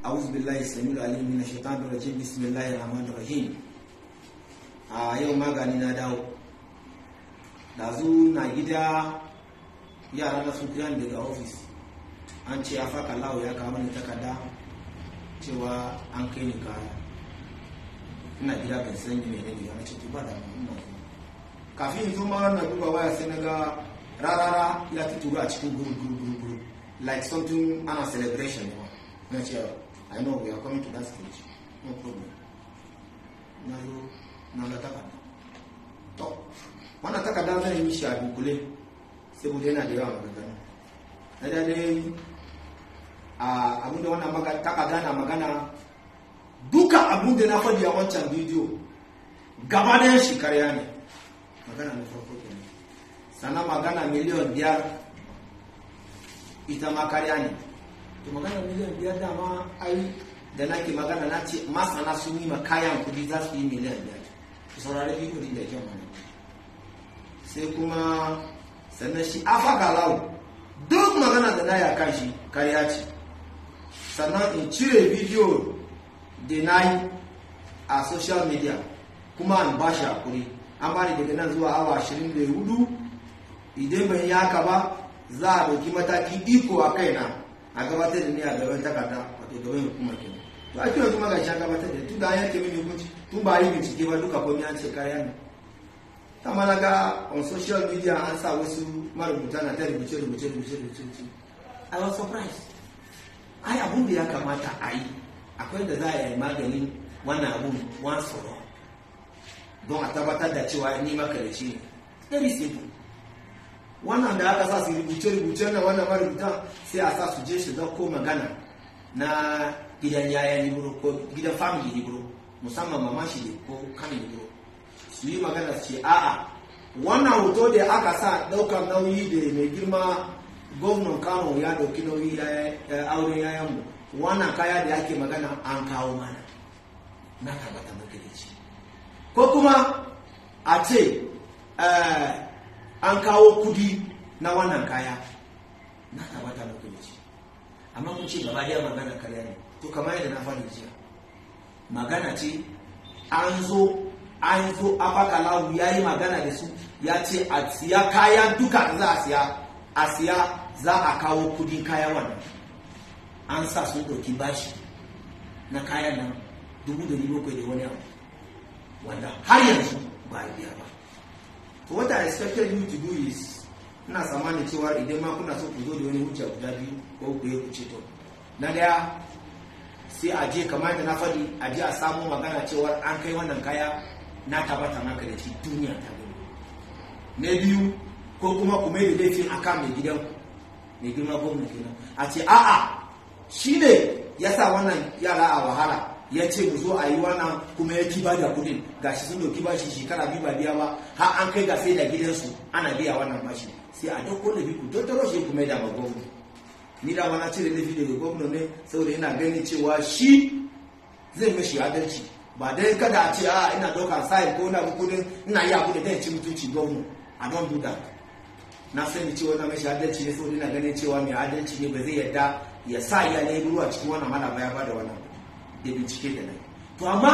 أعوذ بالله السميع العليم من الشيطان الرجيم بسم الله الرحمن الرحيم a yau magani na dawo dazu na gida yara na su kiran daga ofis an ce ya faka lawo ya kawo mani takarda cewa an kai ni kaya ina gida ban san ni mai nake ana ce to ba da ina kafin zo ma na duba waya sai na ga rarara ya tuturu a cikin guru guru guru like something ana celebration ne na cewa I know we are coming to that stage, no problem. Na hiyo na wanataka damu na mimi shabu kule sebule na dewa magana na dade a ah, abinda wannan maka taka gana magana duka abinda na faɗi a wancan bidiyo gaba da shi magana na farko kenan magana miliyan biyar ita ma to maganar miliyan biyar dama ai da nake magana na ce masana sun yi makayan kudi za su yi miliyan biyar ku saurari yi kudi da kyan wani sai kuma sannan shi afa galau duk magana da na ya kan shi kariya ce sannan in cire bidiyo da na yi a social media kuma an ba shi hakuri an bani daga nan zuwa awa ashirin da hudu idan ban yi haka ba za a ɗauki mataki iko a kaina a gabatar da ni a gaban takarda a gaban hukumar kenan to kira kuma ga shi gabatar da tun da an yanke min hukunci tun ba yi bincike ba duka komai an ce kariya ne ta ga on social media an sa wasu marubuta na ta rubuce rubuce rubuce rubuce i was surprised ai abun da ya kamata a yi akwai da za a yi maganin wannan abun one for all don a tabbatar da cewa ni makarici ne very simple wannan da aka sa su rubuce-rubuce na wannan marubutan sai a sa su je shi ko magana na gidan yaya libro ko gidan family libro musamman mama shi ne ko kan libro su yi magana su ce a'a wannan hoto da aka sa daukan nauyi da mai girma gwamnan kano ya dauki nauyi auren mu wannan kaya da yake magana an kawo mana na ko kuma a ce eh, an kawo kudi na wannan kaya na tabbata muku ya ce amma kun ce gaba daya magana karya ne to kamar yadda na faɗi jiya magana ce an zo an zo ya yi magana da su ya ce a siya kaya duka za a siya a siya za a kawo kuɗi kaya wannan an sa sun ɗauki bashi na kayan nan dubu da wani abu wanda har yanzu ba a biya ba to what i expected you to do is ina tsammanin cewa idan ma kuna so ku zo da wani hujja guda biyu ko ku kuce to na daya sai a je kamar da na faɗi a je a samu magana cewa an kai wannan kaya na tabbata maka da shi duniya ta gani na biyu ko kuma ku mai da laifin akan mai gidan mai girma gwamnati na a ce a'a shi ne ya sa wannan yara a wahala ya ce mu zo a yi wannan kuma ya kiba da kudin shi sun dauki bashi shekara biyu ba biya ba har an kai ga sai da gidansu ana biya wannan bashi sai a dauko da biyu don taro shi kuma ya dama gwamnati ni da wani cire video daga gwamnati ne saboda yana ganin cewa shi zai mashi adalci ba dai kada a ce a ah, ina dauka sai ko na kudin ina yi abu da zai ci mutunci gwamnati a don duda na sani cewa na mashi adalci ne saboda ina ganin cewa mai adalci ne ba zai yarda ya sa iyalai ruwa cikin wannan mana baya ba da wannan da bincike da nai to amma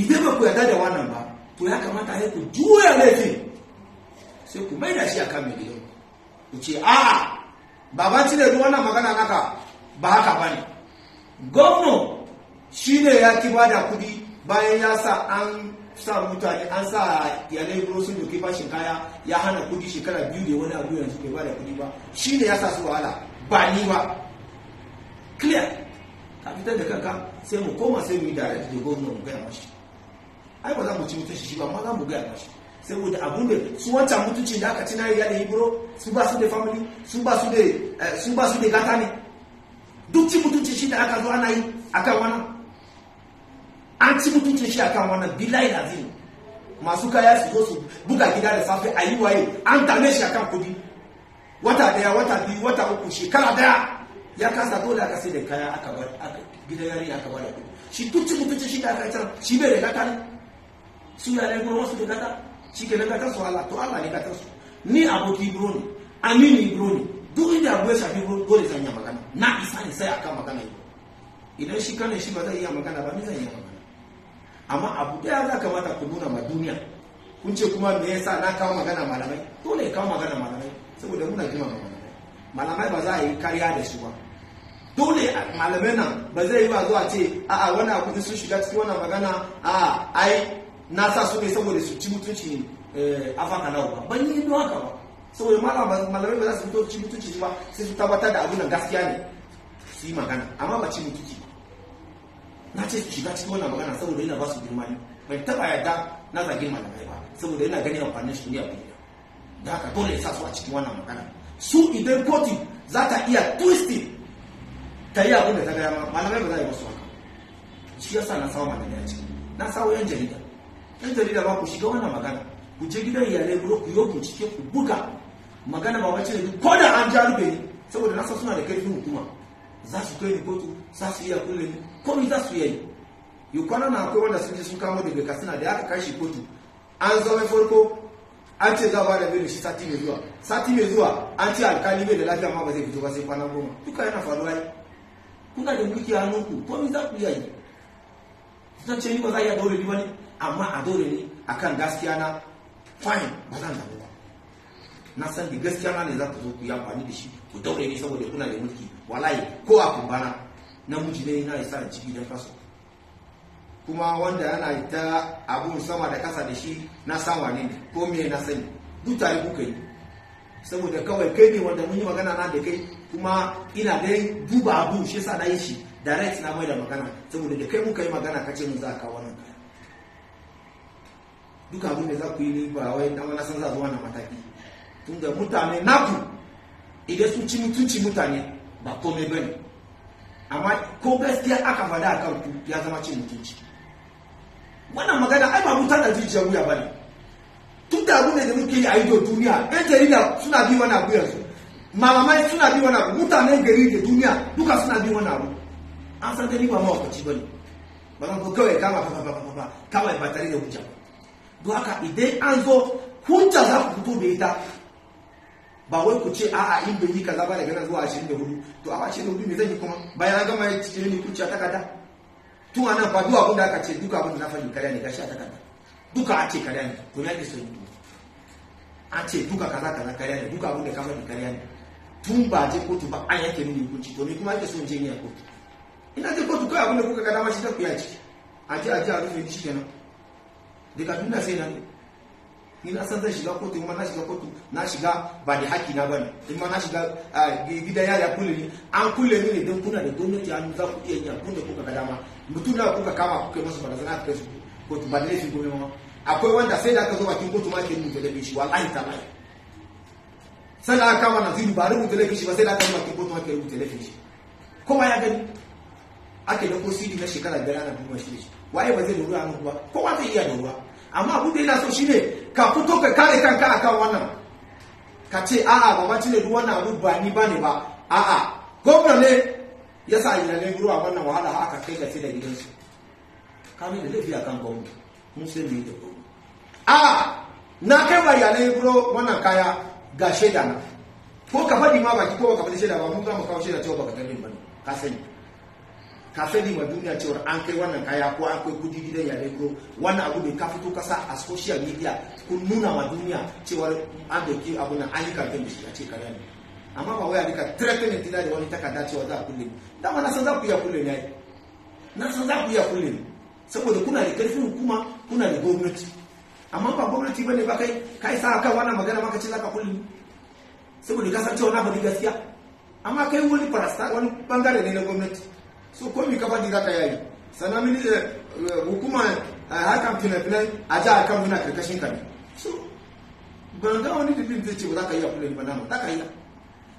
idan ba ku yarda da wannan ba to ya kamata sai ku juya laifin sai ku mai da shi a kan miliyan ku ce a'a baban cire duk wannan magana naka ba haka ba ne gwamno shi ne ya ki ba da kudi bayan ya sa an sa mutane an sa yanayi grosin doki bashin kaya ya hana kudi shekara biyu da wani abu yanzu bai ba da kudi ba shi ne ya sa su wahala ba ni ba clear a fitar da kanka sai mu koma sai mu yi direct da gwamna mu gaya mashi ai ba za mu ci mutunci shi ba ma za mu gaya mashi saboda abun da su wancan mutunci da aka ci na riga da hibiro su ba su da family su ba su da eh, su ba su da gata ne duk ci mutunci shi da aka zo ana yi kan wannan an ci mutuncin shi akan wannan bilahi azim masu kaya su zo su buga gida da safe a yi waye an dame shi kan kudi wata daya wata biyu wata uku shekara daya ya kasa dole aka sai da kaya aka bar aka gidan yari aka bar kuɗi shi tucci mutunci shi da aka can shi bai da gata su ya ne kuma wasu da gata shi ke gata su Allah to Allah ne gata su ni aboki bro ne amini bro ne duk inda abu ya shafi dole zan yi magana na isa ne sai aka magana yi idan shi kane shi ba zai iya magana ba ni zan yi magana amma abu daya za kamata ku nuna ma duniya kun ce kuma me yasa na kawo magana malamai dole ya kawo magana malamai saboda muna jima magana malamai ba za a yi kariya da shi ba dole malamai nan ba zai yi ba zuwa ce a a wani akwai sun shiga cikin wannan magana a ai na sa su ne saboda su ci mutunci eh, afaka nawa ba ban yi don haka ba saboda malamai ba za su fito ci mutunci ba sai su tabbatar da abin da gaskiya ne su yi magana amma ba ci mutunci na ce su shiga cikin wannan magana saboda yana ba su girma ne bai taba yarda na zagin malamai ba saboda yana ganin amfanin shi ne a duniya da haka dole ya sa su a cikin wannan magana su idan kotu za ta iya twisted ta yi abin da ta gaya malamai ba za a yi wasu haka shi yasa na sawa malamai a ciki na sawo yan jarida yan jarida ba ku shiga wannan magana ku je gidan iyalai ku ku yi cike ku buga magana ba wacce ne ko da an ja rufe ni saboda na san suna da karfin hukuma za su kai ni kotu za su iya kulle ni komai za su yi yukwana na akwai wanda sun je sun kamo daga kasina da aka kai shi kotu an zama farko an ce za b'a bada belu shi sati mai zuwa sati mai zuwa an ce alkali bai da lafiya ma ba zai fito ba sai kwana goma duka yana faruwa yi kuna da mulki a hannunku ko za ku yi zan ce ni ba za a iya dole ni ba ne amma a dole ni kan gaskiya na fine ba zan damu ba na san da gaskiya na ne za ku zo ku yi amfani da shi ku daure ni saboda kuna da mulki walaye ko a kumbana namiji ne na isa a ciki don kasu kuma wanda yana ta abun sama da kasa da shi na sama ne ko me na sani duk tare kuka yi saboda kawai kai ne wanda mun yi magana na da kai kuma ina dai duba abu shi yasa na yi shi direct na mai da magana saboda da kai muka yi magana ka ce mun za ka wannan kaya duka abin da za ku yi ni ba wai dan wani san za zuwa na mataki da mutane naku idan sun ci mutunci mutane ba komai bane amma ko gaskiya aka faɗa a kan ya zama cin mutunci wannan magana ai ba mutar da zuciyar wuya ba ne tun da abu ne da muke yi a ido duniya yan jarida suna bi wani abu yanzu malamai suna bi wani abu mutanen gari da duniya duka suna bi wani abu an san gani ba wakaci ba ne ba zan ko kawai kama fa ba ba kawai ba tare da hujja don haka idan an zo hujja za ku fito da ita ba wai ku ce a'a in bai yi kaza ba daga nan zuwa hudu to da hudu me zan yi kuma bayan an gama cikin ni kuciya takarda tun a nan ba duk abin da aka ce duka abin da na fahimta kariya ne gashi a kanta duka a ce kariya ne to ya ke so yi a ce duka kaza kaza kariya ne duka abin da ka fahimta kariya ne tun ba je kotu ba an yake nuna hukunci to ni kuma ake so in je a kotu ina je kotu kawai abin da kuka kada dama shi ta kuya ciki a je a je a rufe shi kenan daga da sai na ne ni na san zan shiga kotu in ma na shiga kotu na shiga ba da haƙi na bane in ma na shiga gidan yaya kulle ni an kulle ni ne don kuna da gwamnati an za ku iya yin abin da kuka ga dama mutum na kuka kama kuka yi masa barazana kai su kotu ba da laifin gwamnati ma akwai wanda sai da aka zo bakin kotu ma ke rubuta laifin shi wallahi ta lai sai da aka kama zini ba rubuta laifin shi ba sai da aka zo bakin kotu ma ke rubuta laifin shi kowa ya gani ake da ko sidi na shekara biyar ana kuma shi waye ba zai lura a ba kowa zai iya lura amma abin da yana so shine ka fito ka kare kanka akan wannan ka ce a'a baba cire duk wannan abu ba ni ba ne ba a'a gobra ne ya sa lalai ruwa wannan wahala aka kai ka da gidansu ka mai da laifi kan gwamna mun sai mai yi da gwamna a'a na kai wa lalai ruwa wannan kaya ga shaida na ko ka faɗi ma baki ko ba ka faɗi shaida ba mun kama kawo shaida cewa ba ka gani ba ka sani ka fadi ma duniya cewar an kai wannan kaya ko an kai kudi gidan yare ko wannan abu ne ka fito kasa a social media kun nuna ma duniya cewar an doki abu na ayyukan da shi a ce kare ne amma ba wai a duka tirafe ne tila da wani takarda cewa za a kulle dama na san za ku iya kulle ne na san za ku iya kulle ne saboda kuna da karfin hukuma kuna da gwamnati amma ba gwamnati bane ba kai kai sa kan wannan magana maka ce ka kulle saboda ka san cewa na faɗi gaskiya amma kai wani farasta wani bangare ne na gwamnati so ko mi kafa faɗi za yi yayi sannan mini eh, hukuma eh, harkar fina-finai a jihar kan muna karkashin ka ne so ban ga wani dalilin zai ce ba za ka yi a kulle ni ba na za ka yi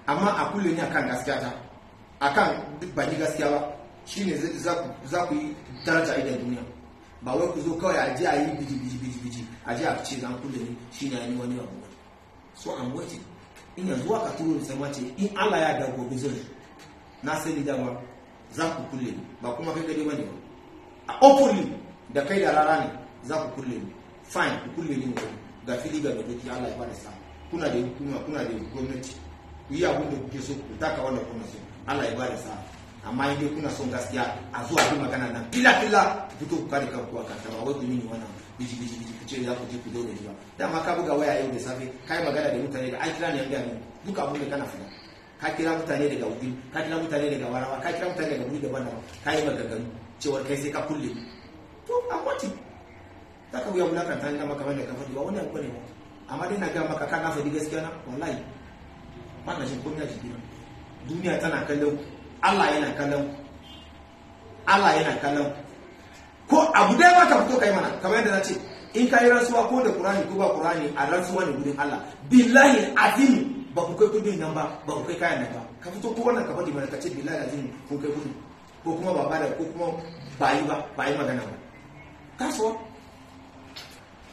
amma a kulle ni akan gaskiya ta akan ba ni gaskiya ba shine za ku yi daraja idan duniya ba wai ku zo kawai a ji a yi biji biji biji biji a ji a ce zan kulle ni shi a yi wani abu so an waiting ina zuwa ka turo da sai ala in Allah ya da gobe zai na sani dama za ku kulle ni ba kuma kai gari bane ba a openly da kai da rara ne za ku kulle ni fine ku kulle ni wani ga fili ga dokoki Allah ya bada sa kuna da hukuma kuna da gwamnati ku yi abin da kuke so ku taka wanda kuna so Allah ya bada sa amma in kuna son gaskiya a zuwa ku magana nan kila. fila ku fito ku kare kanku a ta ba wai ku nini wannan biji biji biji ku ce za ku je ku dole ba dama ka buga waya yau da safe kai magana da mutane da an ne an gaya duka abin da kana fada ka kira mutane daga wuri ka kira mutane daga warawa ka kira mutane daga wuri daban daban ka yi maganganu cewar kai sai ka kulle to a kwati za ka wuya wulakanta ni kama kamar da ka faɗi ba wannan kware ba amma dai na ga maka ka kafa di gaskiya na wallahi ba na shi komai a jikina duniya tana kallon Allah yana kallon Allah yana kallon ko abu dai ma ka fito kai mana kamar yadda na ce in ka yi rantsuwa ko da kur'ani ko ba Qur'ani a rantsuwa ne gudun Allah billahi azim ba ku kai kudin nan ba ba ku kai kayan nan ba ka fito ko wannan ka faɗi mana ka ce billahi azim kun kai kudi ko kuma ba ba da ko kuma ba yi ba ba magana ba